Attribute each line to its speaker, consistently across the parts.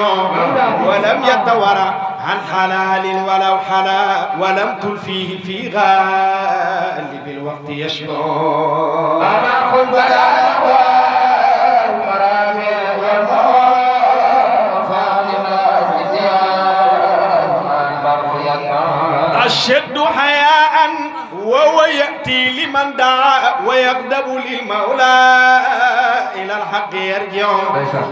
Speaker 1: ولم يتورع عن حلال ولو حلال ولم تلفيه في غالب الوقت يشبع أنا خذ أشد حياء وهو يأتي لمن دعا ويغضب للمولى إلى الحق يرجع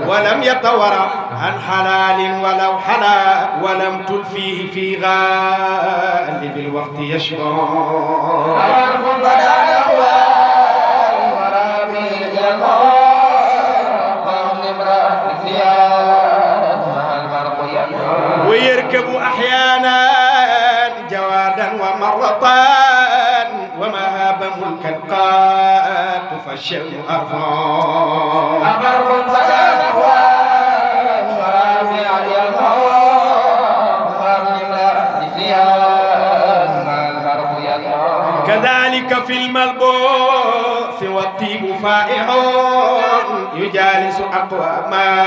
Speaker 1: ولم يتورع عن حلال ولو حلا ولم تلفيه في غالب الوقت يشبع ويركب أحيانا جوادا ومرة قد قاءت فالشم أرفع أمركم فأهوى كذلك في الملبوس والطيب فائح يجالس أقواما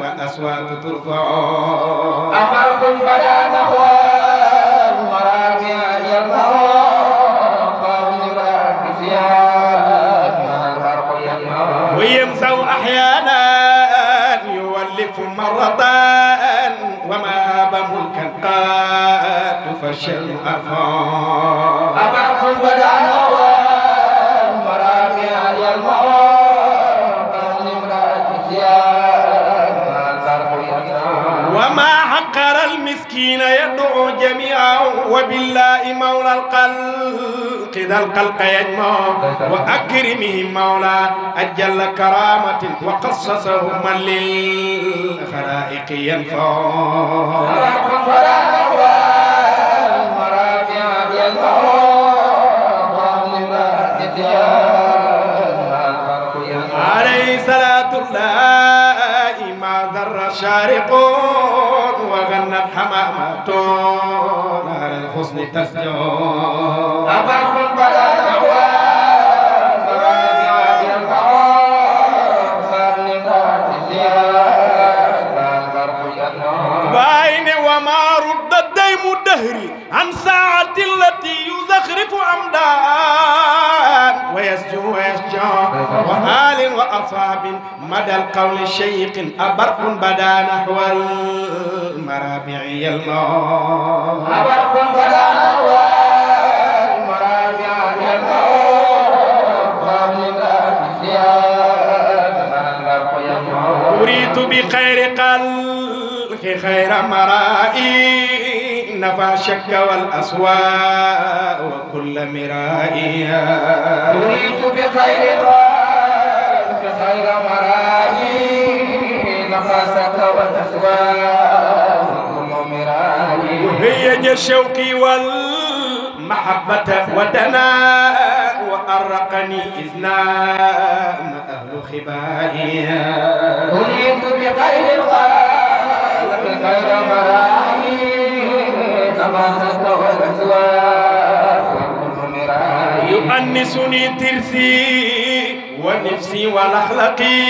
Speaker 1: والأصوات ترفع فش الأفان المسكين يدعو جميعا وبالله مولى القلق ذا القلق يجمع وأكرمهم مولى أجل كرامة وقصصهم من للخلائق ينفع شارق وغنت حمامات نهر الحسن تسجو أبرق بلا باين وما رد الديم الدهري عن ساعة التي ويسجو ويسجع وآل وأصحاب مدى القول شيق أبرق بدا نحو المرابع يا الله أبرق بدا نحو المرابع يا الله أريد بخير قلب خير مرائي نفع الشك والأسواء وكل مرائيا أريد بخير ضال خير مرائي نفع الشك والأسواء وكل مرائي وهي الشوق والمحبة ودنا وأرقني إذ أهل خبائي أريد بخير الخلق خير مرائي يؤنسني ترثي ونفسي ونخلقي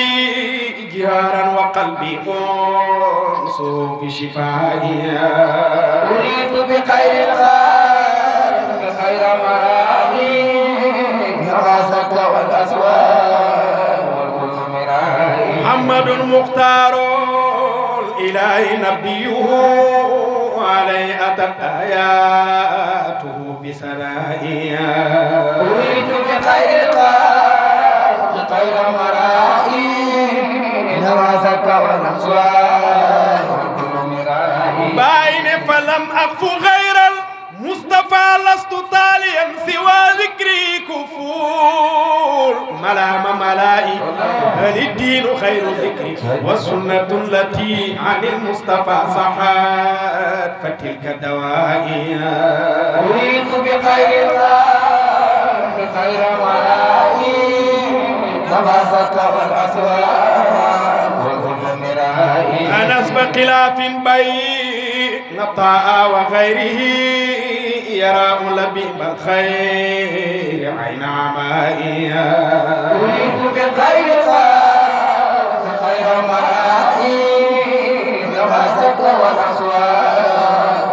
Speaker 1: جهارا وقلبي أنس بشفائي أريد بخير الخالق خير مرادي الراسة والاسواق والمنبرات محمد مختار الإله نبيه علي أتت آياته بسرائيا أريد بخير قلب خير مرائي نوازك ونصواك باين فلم أقف غير المصطفى لست طاليا سوى ذكري كفور ملام ملائي هل الدين خير ذكر والسنة التي عن المصطفى صحات فتلك دوائي أريد بخير الله بخير ملائي تباسط والأسوار والهم مرائي أنس بخلاف بين نطاء وغيره يرى لبيب الخير عين عمائيا أريد بالخير خير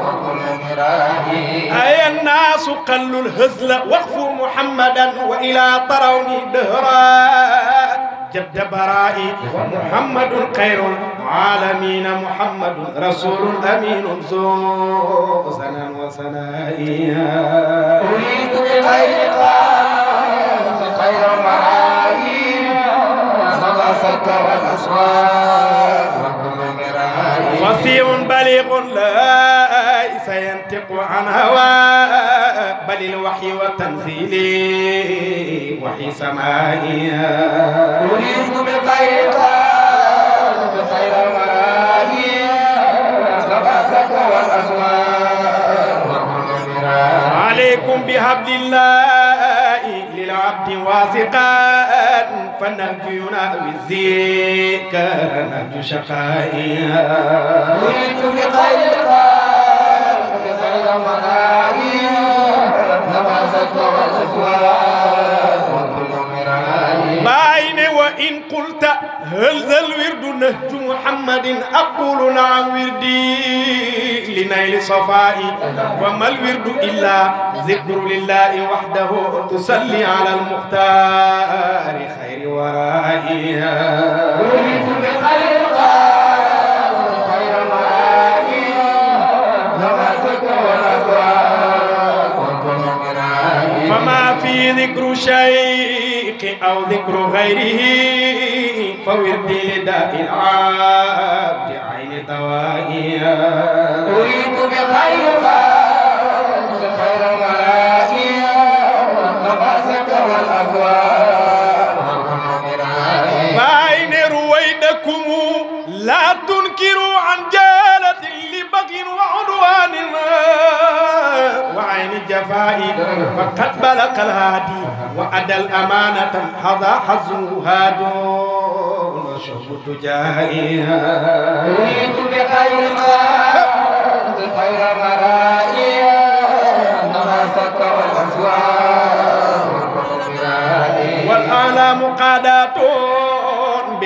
Speaker 1: وكل أي الناس قلوا الهزل وقفوا محمدا وإلى تروني دهرا جد برائي ومحمد خير العالمين محمد رسول أمين ذو سنا وسنائيا أريد الخير خير معايير خلاصك والأسواق وفي بليغ ليس ينطق عن هواه بل الوحي والتنزيل وحي سمائيا أريد بالخير عليكم بحبل الله للعبد واثقا فنرجو ينأوي الذكر نرجو شقائها جئت بخير قلب بخير منائها نبعثك والأسواء هل ذا الورد نهج محمد أقول نعم وردي لنيل صفائي وما الورد إلا ذكر لله وحده تصلي على المختار خير ورائي وليت بخير فما في ذكر شيء الصديق أو ذكر غيره فوردي لداء العاب بعين توائيا أريد بخير الوفاء وقد بلغ الهادي وأدى الأمانة حظى حظه هادو شهد جاهي أريد بخير خير مرائي نماسك والأسواق والآلام قاداته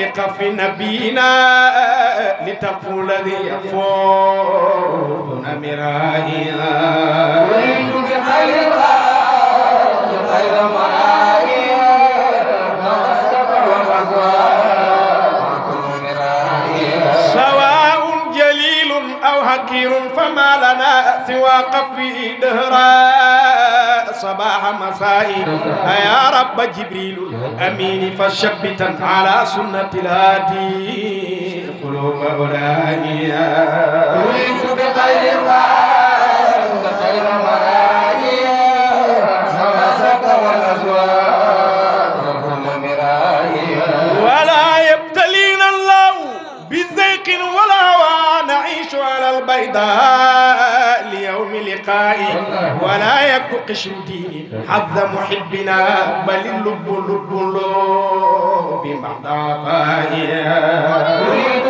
Speaker 1: خلق في نبينا لتقول ذي يفون مرائها ويدك خير خير مرائها سواء جليل أو حكير فما لنا سوى قفه دهران صباح مسائي يا رب جبريل أميني فشبتا على سنة الهادي قلوب أولانيا أريد بخير خير مرائيا سمسك والأزواج وكل مرائيا ولا يبتلين الله بزيق ولا هوى نعيش على البيضاء ولا ولا قشم ديني حظ محبنا بل اللب اللب لب بمحضاقا أريد بغير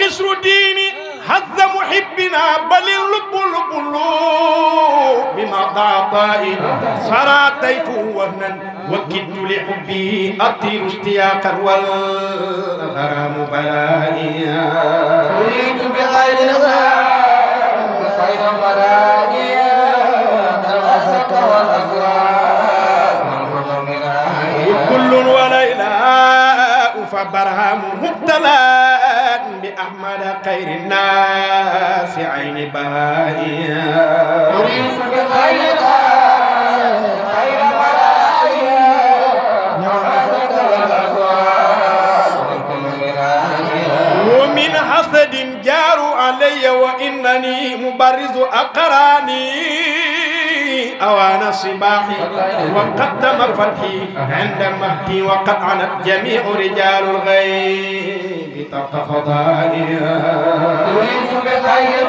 Speaker 1: قشر ديني محبنا بل اللب اللب اللب بما ضاطائي صرى طيفه وهنا وكدت لحبي أطير اشتياقا والغرام بلاني أريد بغير الغرام خير مراني الأزهق والأزرار وكل وليلاء فبرهام مبتلى بأحمد خير الناس عين بهائيا أريد بغير الغرام علي وإنني مبرز أقراني أوان صباحي وقد تم فتحي عند مهدي وقد عنت جميع رجال الغيب تقفضاني تريد بخير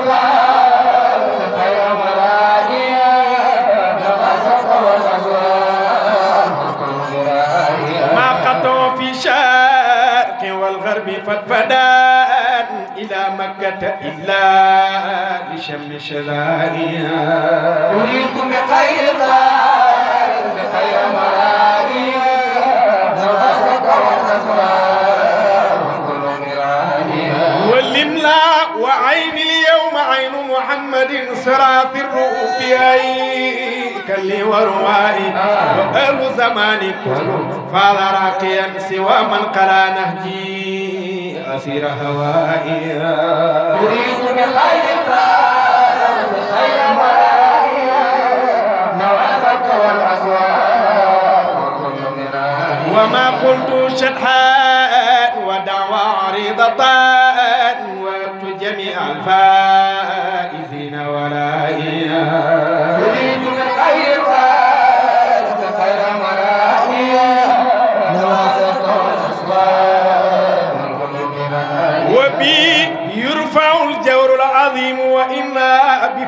Speaker 1: فداه إلى مكة إلا لشم شذائها أريكم بخير بخير مرادي نفسك والأسرار والإملاء اليوم عين محمد وروائي وغير زماني كل فعل راقيا سوى من قرا نهجي أسير هوائي أريد بخير قال بخير مرائي نوافك والأسواق وكل من وما قلت شدحا ودعوى عريضة وابت جميع الفات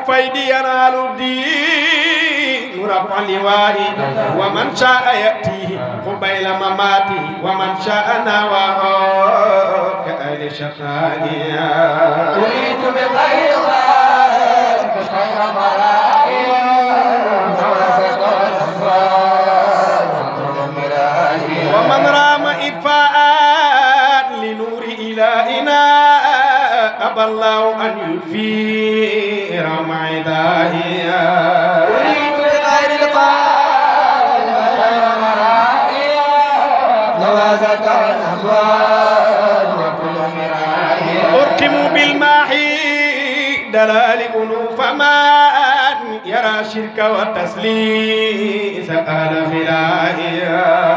Speaker 1: انا ينال الدين رفع واري ومن شاء يأتيه قبيل مماتي ومن شاء نواه كأهل شقانيا أريد بخير خير ومن رام إفاء لنور إلهنا أبى الله أن يفيد إرم عدائيا أريد بغير القائل غير مرائيا نوازة الأهوال وكل مرائيا أركموا بالماحي دلال ألوف من يرى شرك والتسليس قال خلائيا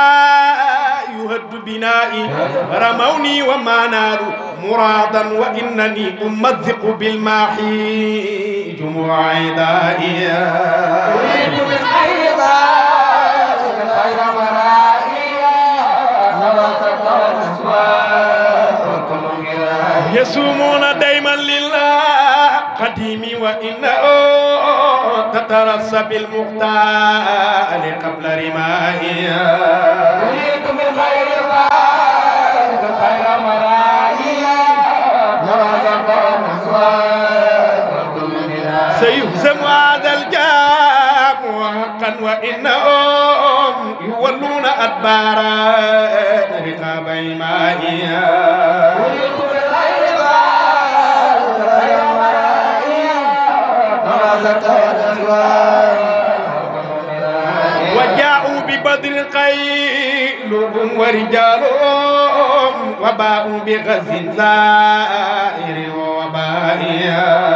Speaker 1: البناء رموني وما نالوا مرادا وإنني أمزق بالماحي جموع عدائي أريد الاسواق وكل يسومون دائما لله قديم وإنه تترسى بالمختال قبل رمائي أريد بالخير خير مرائي نرى سيهزم هذا الجاب حقا وإنهم يولون أدبارا رقاب إيمانيا القدر قيلهم ورجالهم وباءوا بغز زائر وبائيا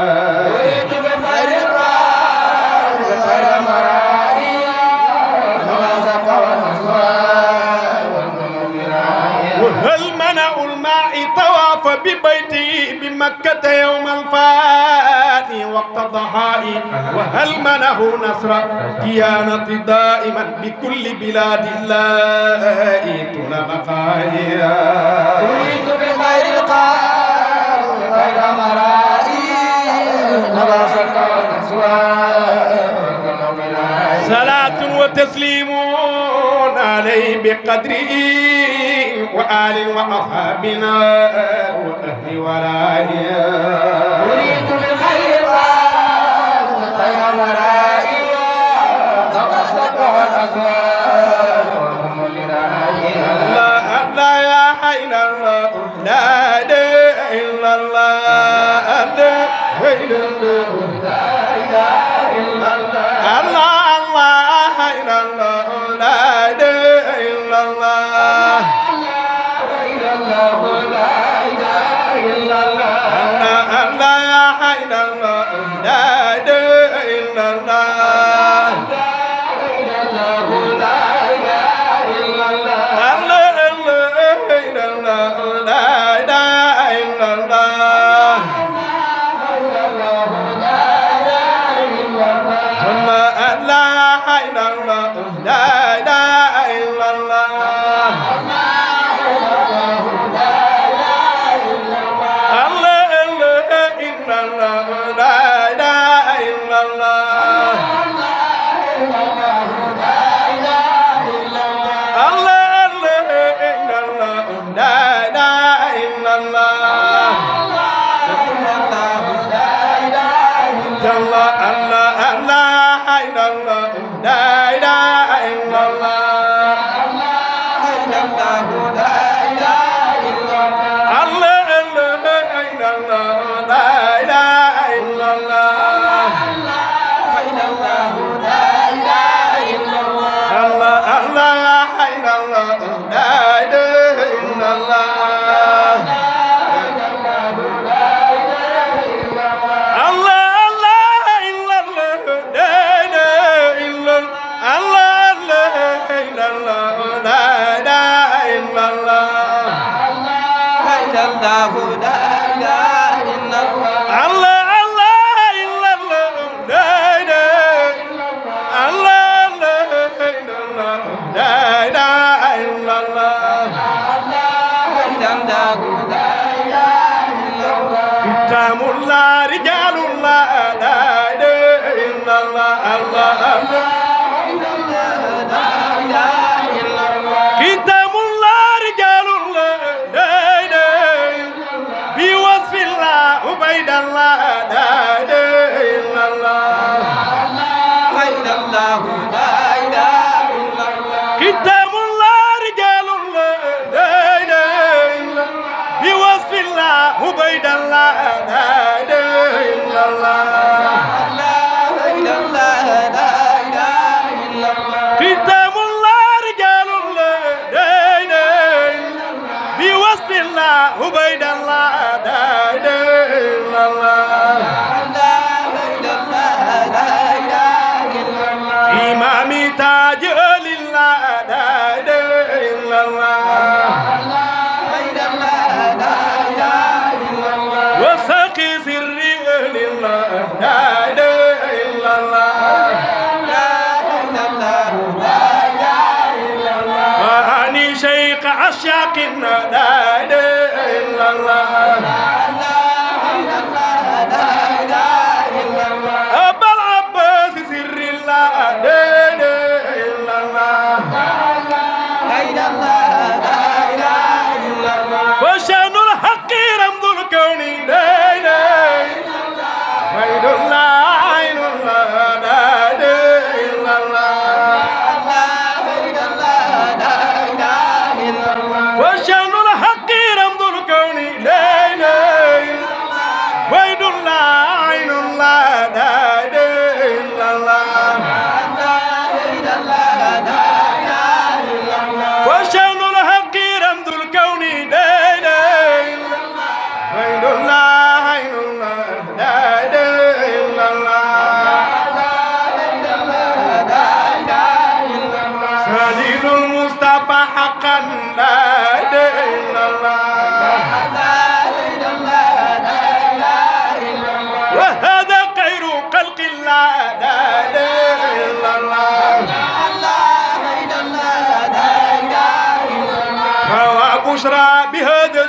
Speaker 1: وهل منع الماء طواف ببيته بمكة يوم الفاتح الضحائي وهل منه نصر كيانة دائما بكل بلاد الله ايتنا بقائي أريد بخير القار غير مرائي نباشك صلاة وتسليم عليه بقدره وآل وأصحابنا وأهل ولائه أريد Allah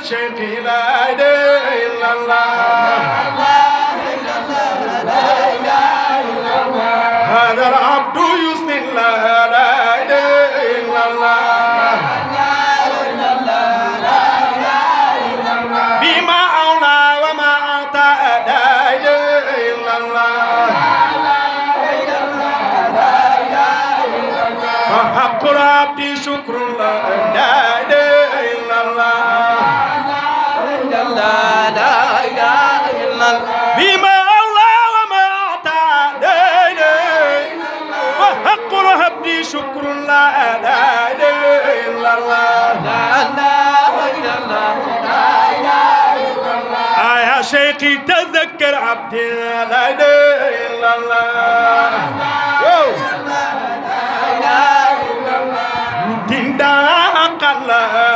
Speaker 1: şeytilerde illallah التي تذكر عبدي لا اله الا الله لا اله الا الله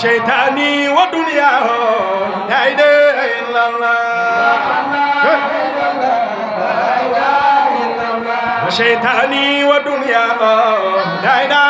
Speaker 1: shaitani wa dunya ho la ilaha illallah la
Speaker 2: ilaha
Speaker 1: shaitani wa dunya ho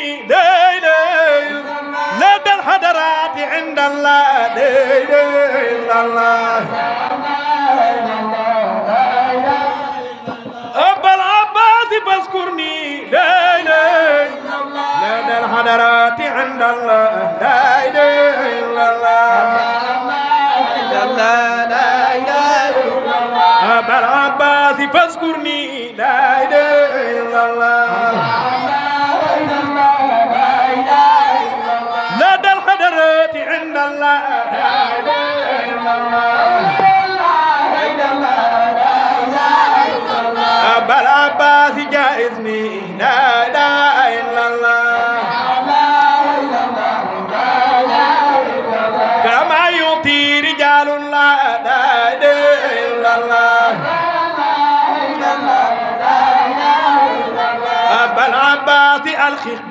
Speaker 1: illallah la ilaha illallah أبا العباس فاذكرني لا إله إلا الله لنا الحضرات عند الله لا إله إلا الله لا إله إلا الله أبا العباس فاذكرني لا إله إلا الله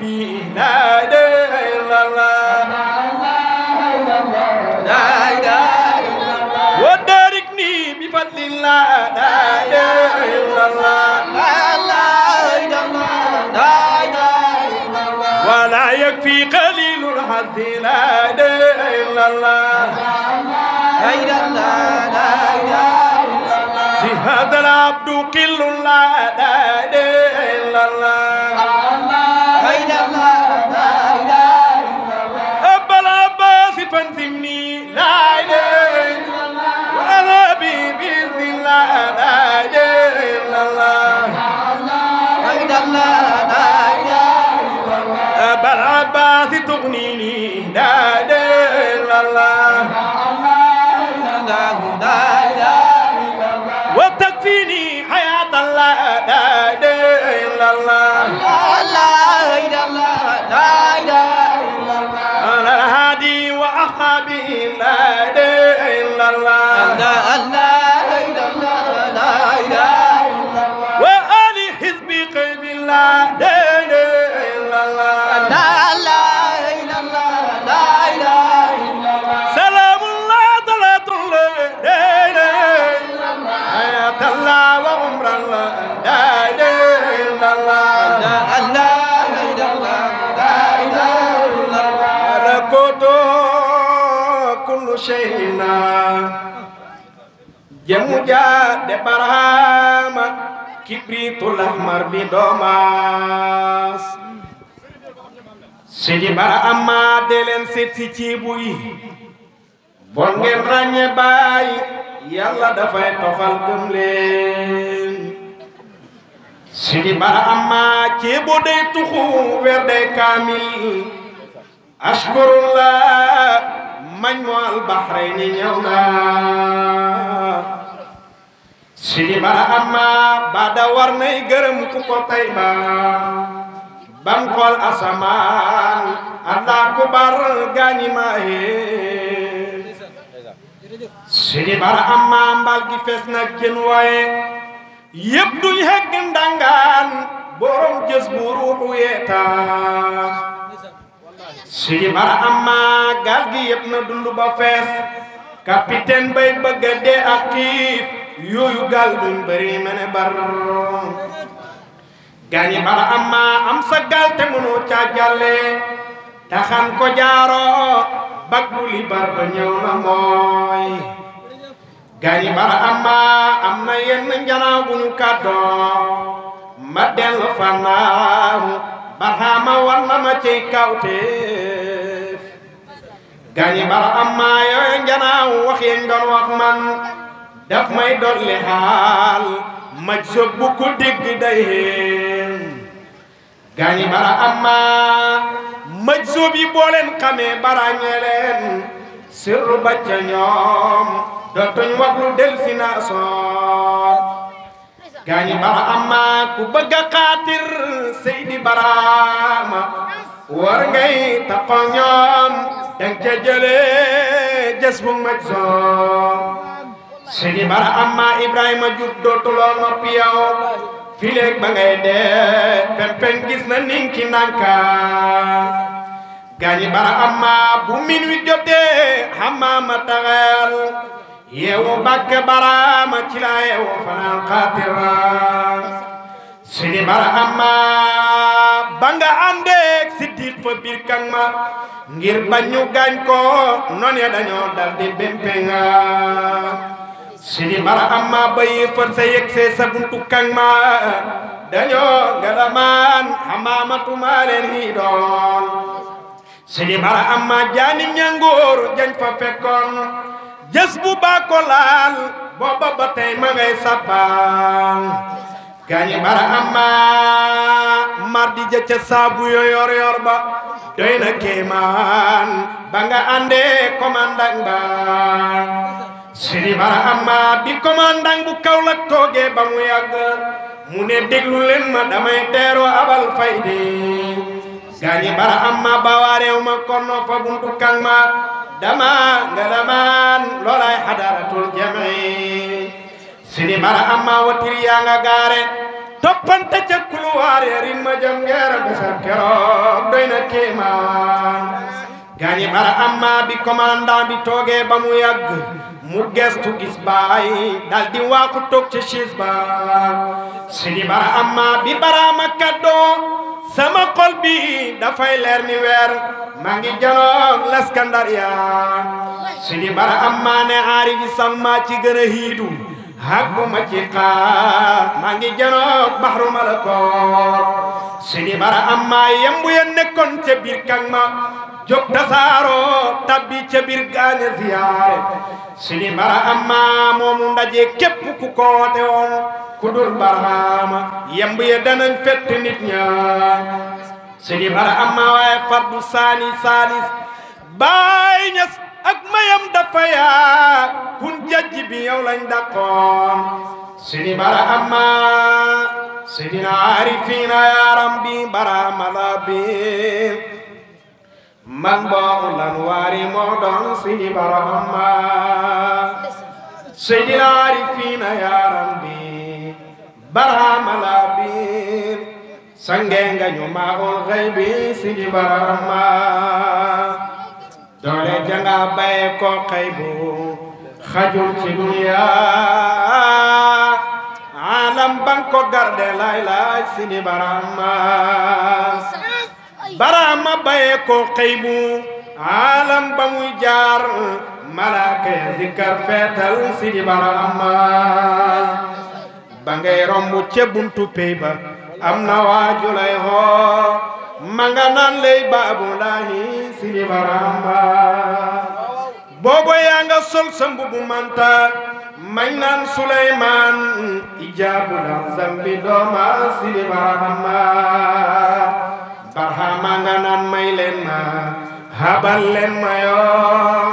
Speaker 1: بي لا إله إلا الله لا إله إلا الله وباركني بفضل الله لا إله إلا الله ولا يكفي قليل الحظ لا إله إلا الله لا إلا الله هذا العبد كل لا إله إلا الله بين الله وبين الله أبا العباس فانزمني
Speaker 2: jemu ja de
Speaker 1: barhama kibritul ahmar bi domas sidi bara amma dee leen seet si ciibu yi bon ngeen ràññe bàyyi yàlla dafay tofal gëm leen sidi bara amma ciibu day tuxu weer day kaamil ashkurullah mañ moo albahrayni ñëw na sidi bara amma bada war nay gërëm ku ko tay ba bam xool asamaan Allahu akbar gaañi maa hee sidi bara amma mbal gi fees na jën waaye yëpp duñ hegg ndangaan borom jës bu ruuxu yeetaan sidi bara amma gaal gi yëpp na dund ba fees capitaine bay bëgga dee ak kiif yooyu gaal duñ bëri mene bar gaañi bala am am sa te mënoo caa ko jaaroo bag bu li ñëw na mooy gaañi bala am ma yenn njanaaw bu ñu kàddoo ma dellu fannaaru barxaama war na ma ciy kawteef gaañi bara am maa yooyu wax yeñ doon wax man daf may dolli xaal maj soo bu ko dégg day gaañi bara amma maj soo bi boo leen bara ñeleen sirru bacca ñoom dootuñ wax lu del gaañi bara amma ku bëgg a seydi baraama war ngay taqoo ñoom dang ca jëlee jës bara amma ibrahima juddo toloono piyawo fileeg ba ngay dee pempen gis na ninki nanka gani bara amma bu min wi jotee hammaama taxeel yeewu bakke bara ci la yeewu fanaan xaatira Sini bara amma bangga ande àndeeg siddiit kang ma ngir bañu gaañ ko noni ya di bempenga sini mar amma bayi fan yek se sa buntu kang ma Danyo galaman hamamatu ma hi don sini mar amma jani ñangor jañ fa fekkon jes bu ba ko boba ba tay ma ngay sapal amma mardi je ca sabu yo yor yor ba keman ba ande commandant ba Sëriñ Bara Amma bi commandant bu Kaolack toogee ba mu yàgg mu ne déglu leen ma damay teeru abal fayde gaañi Bara Amma ba waa réew ma konno fa buntu kan ma dama ngalamaan loolay hadaratul jami Sëriñ Bara Amma watir yaa gaare toppante ca couloir yi ma jëm ngeera keroog doy na kéemaan gaañi bara amma bi commandant bi toogee ba mu yàgg mu gestu gis baay dal di waaku toog ci siis ba sidi bara amma bi baraama kaddoo sama xol bi dafay leer ni weer maa ngi janoog laskandariya sidi bara amma ne aarifi sax maa ci gën hiidu hagguma ci xaar maa ngi janoog baxru malakoor sidi bara am yembu ya nekkoon ca biir kang ma jóg tasaaroo tabbi ca biir gaane ziyaare sidi bara am moomu ndaje képp ku koote woon ku dul baraama yembu ya danañ fett nit ña sidi bara am waaye fardu saani saalis baay ñas ak mayam dafa kun jajj bi yow lañ dàqoon sini bara amma sidina arifina yaaram bi bara mala man boobu lan waari moo doon bara amma sidina arifina yaaram bi bara mala bi sange nga ñu maa ul xëy bi bara amma doole janga baye ko xay bu xajul ci dunya alam ban ko garde lay lay sini barama barama baye ko xay alam ba jaar malaaka ya zikkar feetal sini barama ba ngay romb ca buntu am na waaju lay hoo manga naan lay baabulaahi sini baramba booba yaa nga sol sa mbubu manta mañ naan suleymaan ijaabu la zambi dooma sini baramba barhama nga naan may leen ma habal leen ma yoon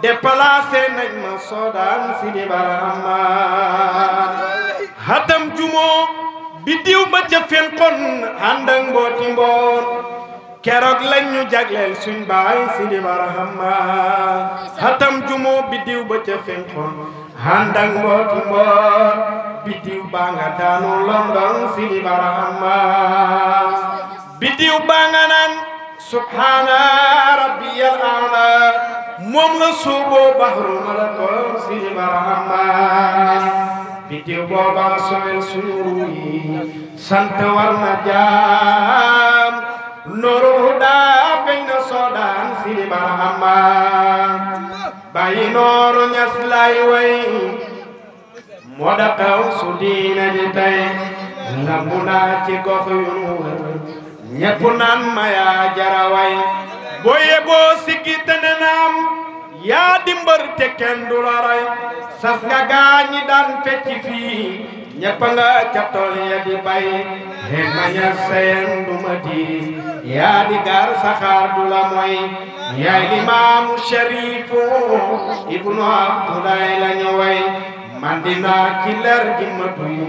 Speaker 1: déplacé ma soodaan sini baramba hatam jumoo biddiw ba ca fenqon ànd ak keroog lañ ñu jagleel suñ baay Sidi Barahama xatam jumo biddiw ba ca fenqon ànd ak mbooti mboon biddiw London Sidi Barahama biddiw baa nga naan subhaana rabbiyal aala moom la suuboo baxru malakol Sidi Barahama biddiw boobaa sowel suuy sant war na jaam nooru daa feñ na soodaan sidi barahama bàyyi nooru ñas lay way moo da xew su diina ji tey lambu naa ci gox yu nu wër ñepp naan ma jaraway boo yeboo sikki tëne naam yaa di mbër te du la roy sas nga gaañi daan fecc fii ñëpp nga ca tool ya di bay xet ma ñar du ma yaa di gaar saxaar du la moy yaay di maamu sharifu ibnu abdoulaye la ñu man dinaa ci leer gi ma duy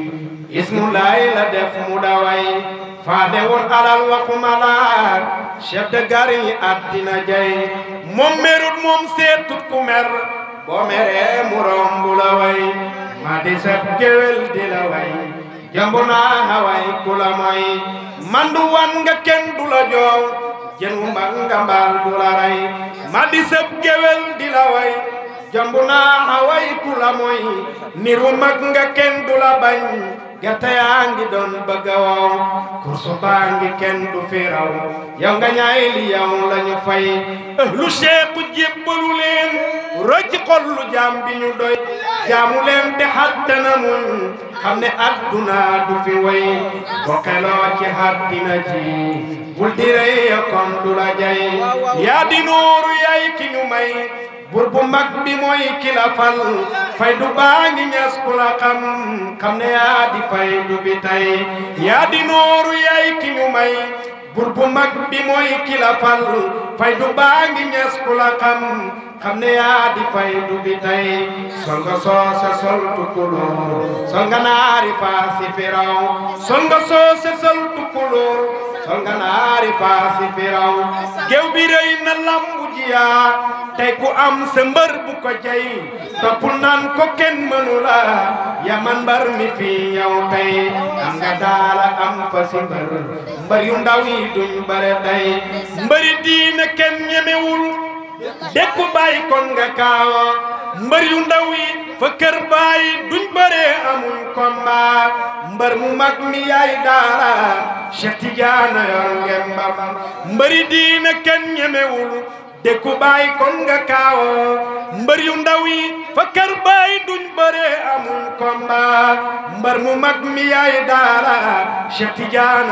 Speaker 1: ismulaay la def mu daway faatewul alal waxuma laak chef de gare yi àddina jay moom merut moom seetut ku mer boo meree mu romb way ma di sab géwél di la way jambu naa haway ku la moy mandu nga kenn du la joow jën wu mag way ku la moy niru mag nga kenn du la bañ gerte yaa ngi doon bëgg a wow kursu baa ngi kenn du fi raw yow nga ñaay li yow la ñu fay lu seeku jébbalu leen rëcc xol jaam bi ñu doy jaamu leen te mun xam ne adduna du fi way bokkeloo ci xattina ji bul di du la yaa di yay ki ñu may buur bu mag bi mooy kilafal fay du baa ngi ñas ku la xam xam yaa di fay du bi yaa di nooru yaay ki ñu may mag bi mooy kilafal fay du baa ngi ñas ku la xam ne yaa di fay du bi tey sol nga soose sol tukulóor sol nga naari faasi firaw sol nga soose sol tukulóor sol nga naari faasi firaw géew bi rëy na lambu jiyaa tey ku am sa mbër bu ko jey topp naan ko kenn mënu la yaman mbar mi fii yow tey nga daala am fa si mbër mbër yu ndaw yi duñ bare tey diina kenn ñemewul dékku bàyyi kon nga kaawa mbër yu ndaw yi fa kër bàyyi duñ bëree amul combat mbër mu mag mi yaay daaraan Cheikh Tidiane yor diina kenn ñemewul dékku bàyyi kon nga kaawa mbër yu ndaw yi fa kër bàyyi duñ bëree amul combat mbër mu mag mi yaay daaraan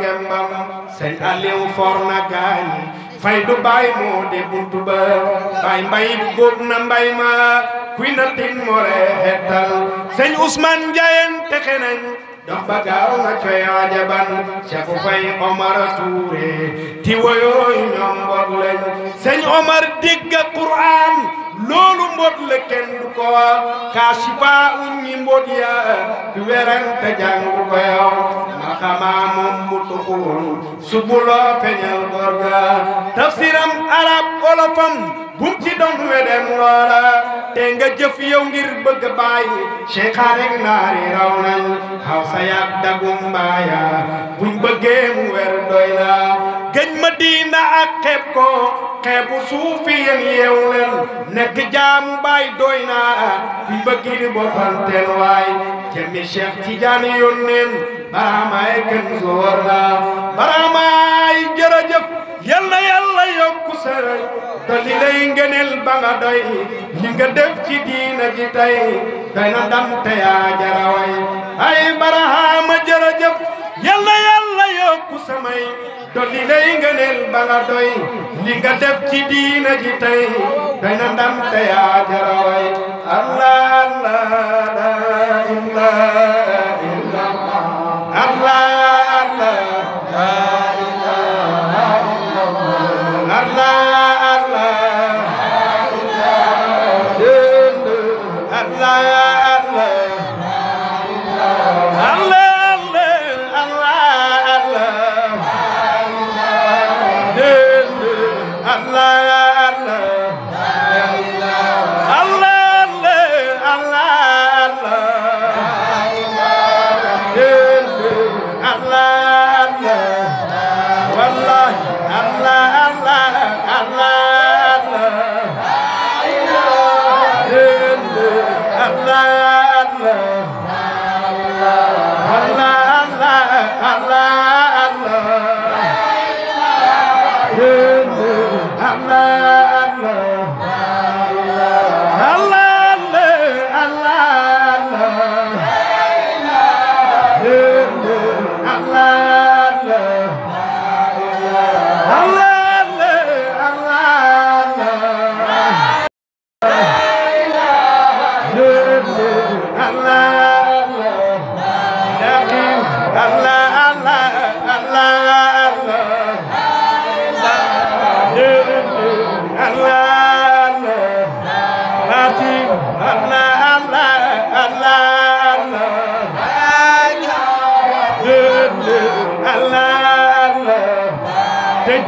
Speaker 1: ngembam sëñ Aliou for na gaañi fay du moo di buntu ba baay mbay góob na mbay ma kuy na tin more xettal sëñ Ousmane Ndiayeen texe nañ dox ba gaaw na coy ajaban Cheikh Fay Omar Touré ti woyooyu ñoom mbokk lañ sëñ Omar digga Qur'an loolu mbot la kenn du ko kaasifa uññi mbot ya werante jàngu ko yow maxamaa moom mu tuxul subuloo feñal góor ga tafsiram arab olofam bum ci doon wedem loola te nga jëf yow ngir bëgg bàyyi cheikhaane naari raw nañ xaw sa yàgg dagum mbaaya buñ bëggee mu wer doy la diina a xeeb ko xeebu suufi yen yeew leen nekk baay doy naa kuy bëgg di bofanteen waay jëmmi Cheikh Tidiane yónneen baraamaay kenn su war baraamaay jërëjëf yàlla yàlla yokku sere doli lay ngeneel ba nga doy li nga def ci diina ji tey doy na ndam te jaraway ay baraama jërëjëf yàlla yàlla yokku samay dolli lay ngëneel ba nga doy li nga def ci diina ji tey doy na ndam jaraway allah allah la ilaha illallah allah Allah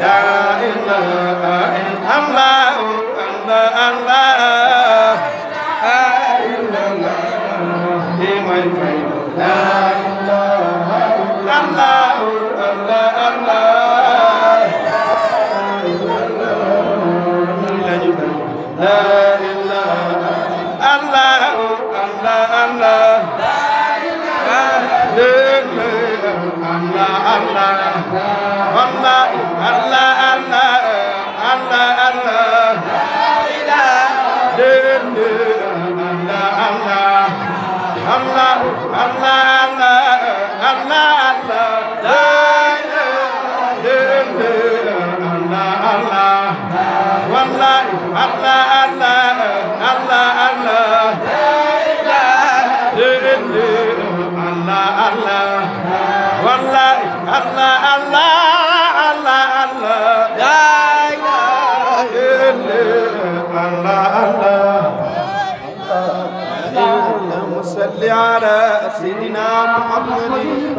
Speaker 1: لا إله إلا Yàlla Lenny.